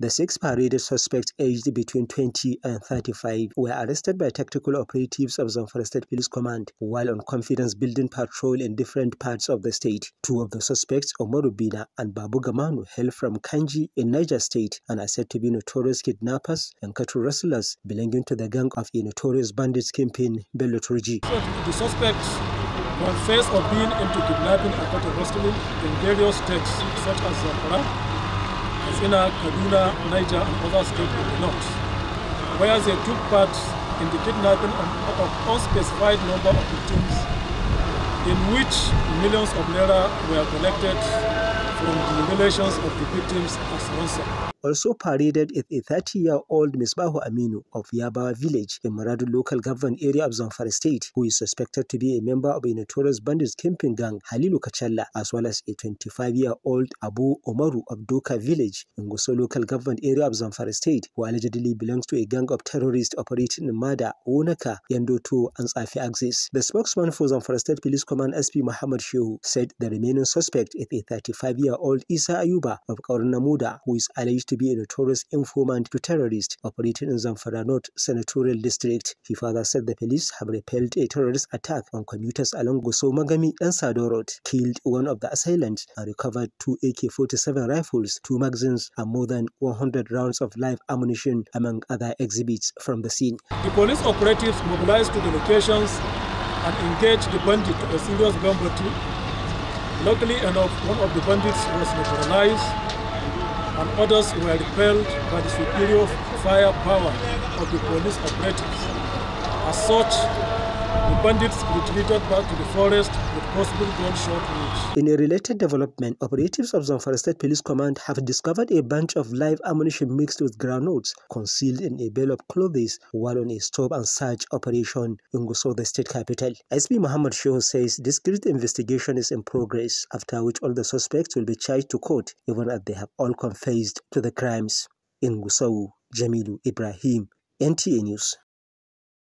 The six paraded suspects aged between 20 and 35 were arrested by tactical operatives of Zamfara State Police Command while on confidence building patrol in different parts of the state. Two of the suspects, Omaru and Babu Gamanu, hail from Kanji in Niger State and are said to be notorious kidnappers and cattle rustlers belonging to the gang of a notorious bandit kingpin, Bello The suspects confess of being into kidnapping and cattle rustling in various states such as Zamfara, Katsina, Kaduna, Niger, and other states in the north, where they took part in the kidnapping of, of unspecified number of victims, in which millions of naira were collected from the relations of the victims as ransom. also paraded a 30-year-old Misbahu Aminu of Yaba village in Maradu local government area of Zamfara state who is suspected to be a member of a notorious bandits camping gang Halilu Kachalla as well as a 25-year-old Abu Omaru of Doka village in Goso local government area of Zamfara state who allegedly belongs to a gang of terrorists operating in Mada, Wonaka, Yandoto and safi axis. The spokesman for Zamfara State Police Command SP Muhammad Shehu said the remaining suspect is a 35-year-old Isa Ayuba of Muda, who is alleged to be a notorious informant to terrorists operating in Zamfara North Senatorial District. He further said the police have repelled a terrorist attack on commuters along Goso Magami and Sado Road, killed one of the assailants, and recovered two AK-47 rifles, two magazines, and more than 100 rounds of live ammunition, among other exhibits from the scene. The police operatives mobilized to the locations and engaged the bandit to a serious gun battle. Luckily enough, one of the bandits was neutralized and others were repelled by the superior firepower of the police operatives. As such, the bandits retreated back to the forest with possible gunshot wounds. In a related development, operatives of Zamfara State Police Command have discovered a bunch of live ammunition mixed with granules concealed in a bale of clothes while on a stop and search operation in Gusau, the state capital. S. B. Muhammad Shehu says this great investigation is in progress, after which all the suspects will be charged to court, even as they have all confessed to the crimes. In Gusau, Jamilu Ibrahim, NTA News.